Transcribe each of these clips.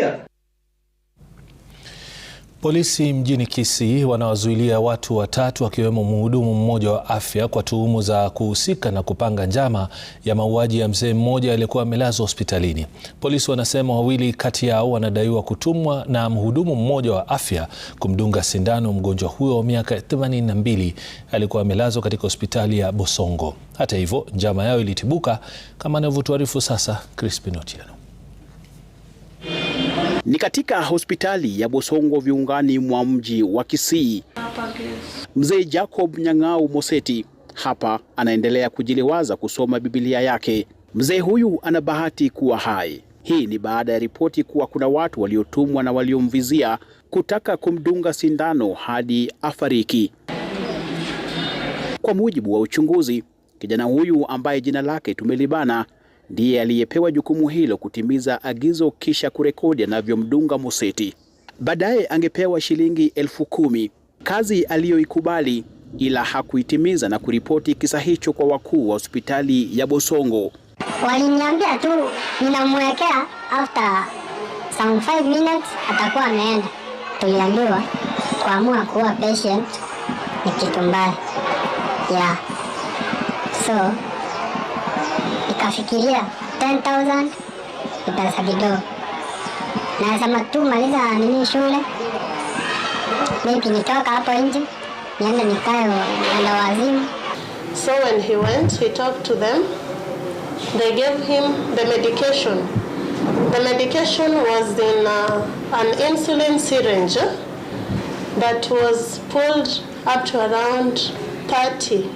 sheria. Polisi mjini Kisii wanawazuilia watu watatu wakiwemo mhudumu mmoja wa afya kwa tuhuma za kuhusika na kupanga njama ya mauaji ya mzee mmoja aliyekuwa amelazwa hospitalini. Polisi wanasema wawili kati yao wanadaiwa kutumwa na mhudumu mmoja wa afya kumdunga sindano mgonjwa huyo wa miaka 82 aliyekuwa amelazwa katika hospitali ya Bosongo. Hata hivyo, njama yao ilitibuka, kama anavyotuarifu sasa Crispin Otieno. Ni katika hospitali ya Bosongo viungani mwa mji wa Kisii. Mzee Jacob Nyang'au Moseti hapa anaendelea kujiliwaza kusoma Biblia yake. Mzee huyu ana bahati kuwa hai. Hii ni baada ya ripoti kuwa kuna watu waliotumwa na waliomvizia kutaka kumdunga sindano hadi afariki. Kwa mujibu wa uchunguzi, kijana huyu ambaye jina lake tumelibana ndiye aliyepewa jukumu hilo kutimiza agizo kisha kurekodi anavyomdunga Museti. Baadaye angepewa shilingi elfu kumi, kazi aliyoikubali ila hakuitimiza na kuripoti kisa hicho kwa wakuu wa hospitali ya Bosongo. Waliniambia tu ninamwekea, after some 5 minutes atakuwa ameenda. Tuliambiwa kuamua kuwa patient ni kitu mbaya, yeah so ikafikiria 10000 ni pesa kidogo, nasema tu maliza nini shule, mimi nitoka hapo nje niende nikae na wazimu. So when he went, he talked to them. They gave him the medication. The medication was in uh, an insulin syringe that was pulled up to around 30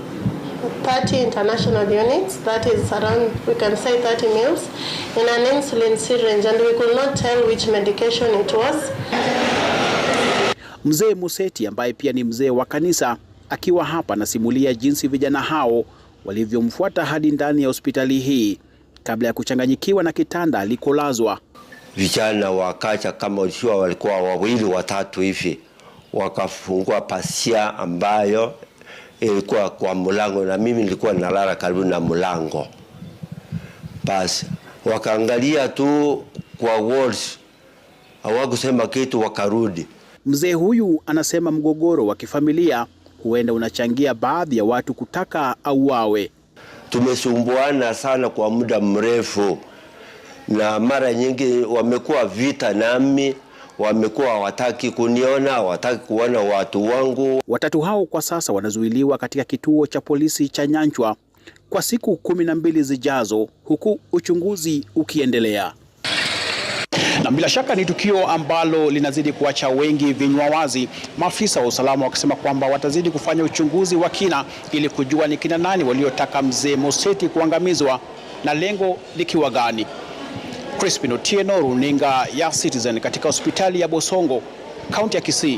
30 international units, that is around, we can say 30 meals, in an insulin syringe, and we could not tell which medication it was. Mzee Museti ambaye pia ni mzee wa kanisa akiwa hapa anasimulia jinsi vijana hao walivyomfuata hadi ndani ya hospitali hii kabla ya kuchanganyikiwa na kitanda alikolazwa. Vijana wakacha kama ukiwa walikuwa wawili watatu hivi, wakafungua pasia ambayo ilikuwa kwa mlango na mimi nilikuwa nalala karibu na mlango. Basi wakaangalia tu kwa walls, hawakusema kitu, wakarudi. Mzee huyu anasema mgogoro wa kifamilia huenda unachangia baadhi ya watu kutaka auawe. Tumesumbuana sana kwa muda mrefu, na mara nyingi wamekuwa vita nami wamekuwa hawataki kuniona, hawataki kuona watu wangu. Watatu hao kwa sasa wanazuiliwa katika kituo cha polisi cha Nyanchwa kwa siku kumi na mbili zijazo, huku uchunguzi ukiendelea. Na bila shaka ni tukio ambalo linazidi kuacha wengi vinywa wazi, maafisa wa usalama wakisema kwamba watazidi kufanya uchunguzi wa kina ili kujua ni kina nani waliotaka mzee Moseti kuangamizwa na lengo likiwa gani. Crispin Otieno, runinga ya Citizen katika hospitali ya Bosongo, kaunti ya Kisii.